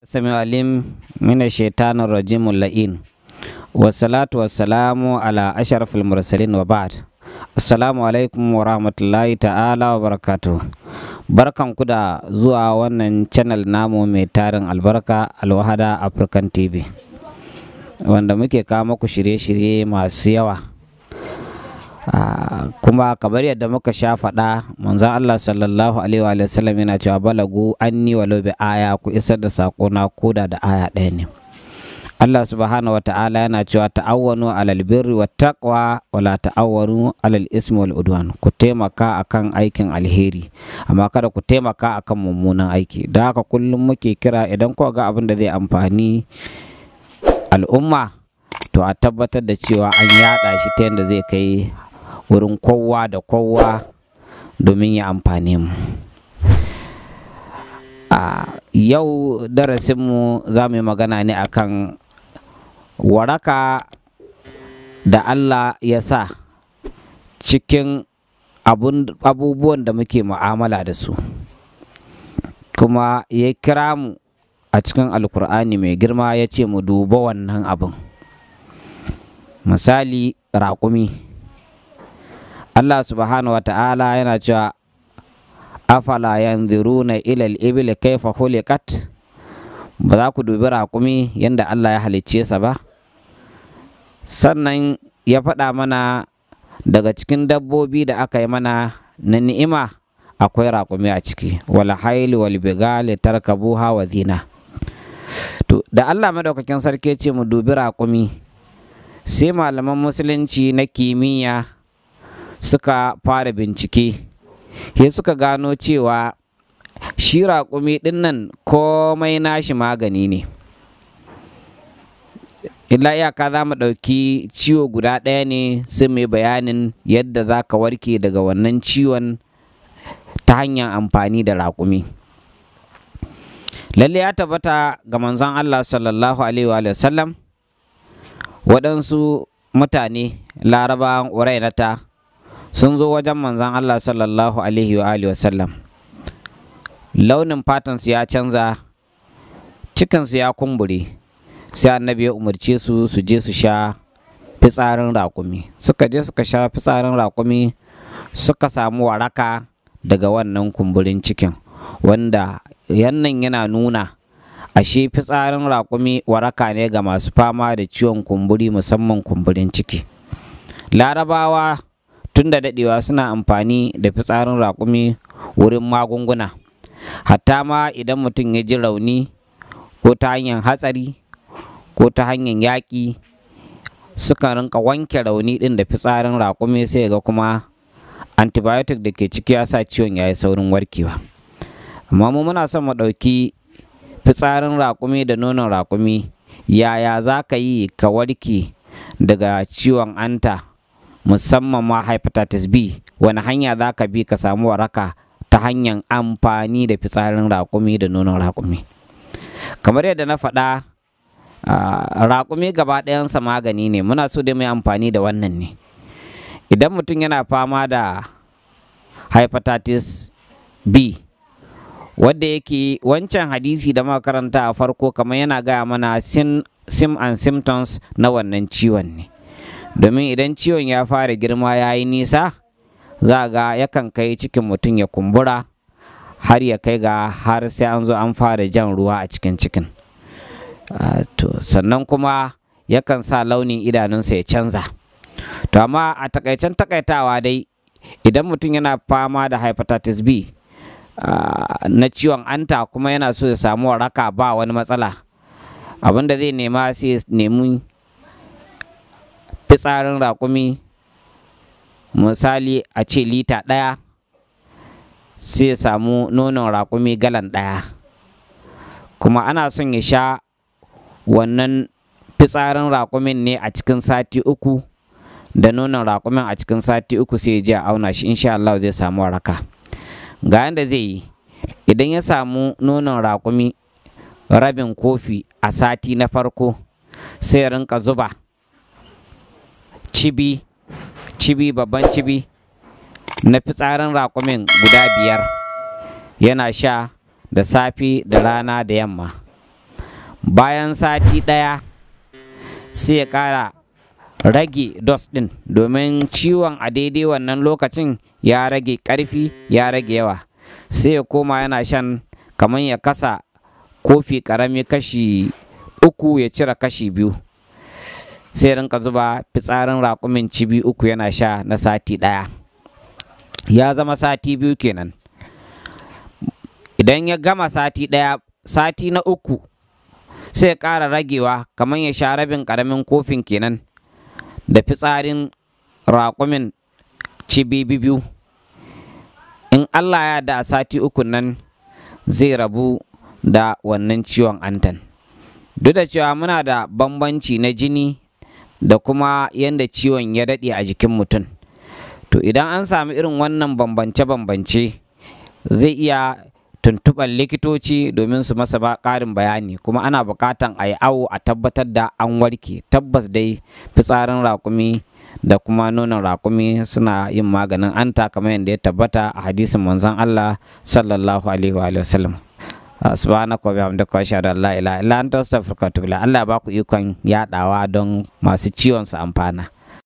Sami alim mina shaitanin rajimun la'in wasalatu wasalamu ala asharafil mursalin wa ba'd assalamu alaikum wa rahmatullahi ta'ala wa barakatu barkan ku da zuwa wannan channel namu mai tarin albarka alwahada african tv wanda muke kawo muku shirye-shirye masu yawa Ah, kuma kamar yadda muka sha faɗa manzo Allah sallallahu alaihi wa sallam yana cewa balagu anni walau bi aya ku isar da sako na koda da aya ɗaya ne Allah subhanahu wata'ala yana cewa ta'awwanu alal birri wat taqwa wala ta'awwanu alal ismi wal udwan ku taimaka akan aikin alheri amma kada ku taimaka akan mummunan aiki da haka kullum muke kira idan ku ga abin da zai amfani al'umma to a tabbatar da cewa an yada shi ta yadda zai kai wurin kowa da kowa domin ya amfane mu a yau darasinmu za mu yi magana ne akan waraka da Allah ya sa cikin abubuwan da muke mu'amala da su kuma ya kira mu a cikin alkur'ani mai girma ya ce mu duba wannan abin misali raƙumi Allah subhanahu wata'ala yana cewa afala yanzuruna ilal ibil kayfa khuliqat ba za ku dubi raƙumi yadda Allah ya halicce sa ba sannan ya faɗa mana daga cikin dabbobi da aka yi mana na ni'ima akwai raƙumi a ciki wal haili wal bigali tarkabuha wa zina to da Allah madaukakin sarki ce mu dubi raƙumi sai malaman musulunci na kimiyya suka fara bincike he suka gano cewa shi raƙumi ɗin komai nashi magani ne illa iyaka za mu ɗauki ciwo guda ɗaya ne sai mai bayanin yadda za ka warke daga wannan ciwon ta hanyar amfani da raƙumi lalle ya tabbata ga manzon Allah sallallahu alaihi wa sallam waɗansu mutane larabawan urainata sun zo wajen manzan Allah sallallahu alaihi wa wasallam launin fatansu ya canza cikinsu ya kumbure sai annabi ya umarce su su je su sha fitsarin raƙumi suka je suka sha fitsarin raƙumi suka samu waraka daga wannan kumburin cikin wanda yannan yana nuna ashe fitsarin raƙumi waraka ne ga masu fama da ciwon kumburi musamman kumburin ciki larabawa tun da daɗewa suna amfani da fitsarin raƙumi wurin magunguna hatta ma idan mutum ya ji rauni ko ta hanyar hatsari ko ta hanyar yaƙi suka rinka wanke rauni ɗin da fitsarin raƙumi sai ga kuma antibiotic da ke ciki ya sa ciwon ya yi saurin warkewa amma mu muna son mu ɗauki fitsarin raƙumi da nonon raƙumi yaya za ka yi ka warke daga ciwon anta musamman ma hepatitis B wani hanya za ka bi ka samu waraka ta hanyar amfani da fitsarin raƙumi da nonon raƙumi kamar yadda na faɗa raƙumi gaba ɗayansa magani ne muna so da mai amfani da wannan ne idan mutum yana fama da hepatitis B wadda yake wancan hadisi da makaranta a farko kamar yana gaya mana sim and symptoms na wannan ciwon ne domin idan ciwon ya fara girma ya yi nisa za ga yakan kai cikin mutum ya kumbura har ya kai ga har sai an zo an fara jan ruwa a cikin cikin sannan kuma yakan sa launin idanunsa ya canza to amma a takaicen takaitawa dai idan mutum yana fama da hepatitis b na ciwon anta kuma yana so ya samu waraka ba wani matsala abinda zai nema sai nemi fitsarin raƙumi misali a ce lita ɗaya sai ya samu nonon raƙumi galan ɗaya kuma ana son ya sha wannan fitsarin raƙumin ne a cikin sati uku da nonon raƙumin a cikin sati uku sai ya je a auna shi insha Allah zai samu waraka ga yadda zai yi idan ya samu nonon raƙumi rabin kofi a sati na farko sai ya rinka zuba cibi cibi babban cibi na fitsarin raƙumin guda biyar yana sha da safi da rana da yamma bayan sati ɗaya sai ya ƙara rage dos ɗin domin ciwon a daidai wannan lokacin ya rage ƙarfi ya rage yawa sai ya koma yana shan kamar ya kasa kofi ƙarami kashi uku ya cire kashi biyu sai rinka zuba fitsarin rakumin cibi uku yana sha na sati ɗaya ya zama sati biyu kenan idan ya gama sati ɗaya sati na uku sai ƙara ragewa kamar ya sha rabin ƙaramin kofin kenan da fitsarin rakumin cibi biyu in allah ya da sati uku nan zai rabu da wannan ciwon antan duk da cewa muna da bambanci na jini da kuma yadda ciwon ya daɗe a jikin mutum to idan an sami irin wannan bambance-bambance zai iya tuntuɓar likitoci domin su masa ba ƙarin bayani kuma ana buƙatan a yi awo a tabbatar da an warke tabbas dai fitsarin raƙumi da kuma nonon raƙumi suna yin maganin anta kamar yadda ya tabbata a hadisin manzon Allah sallallahu alaihi wa sallam Ah, subhanaka wa bihamdika wa ashhadu an la ilaha illa anta astaghfiruka wa atubu Allah ba ku ikon yadawa don masu ciwon su amfana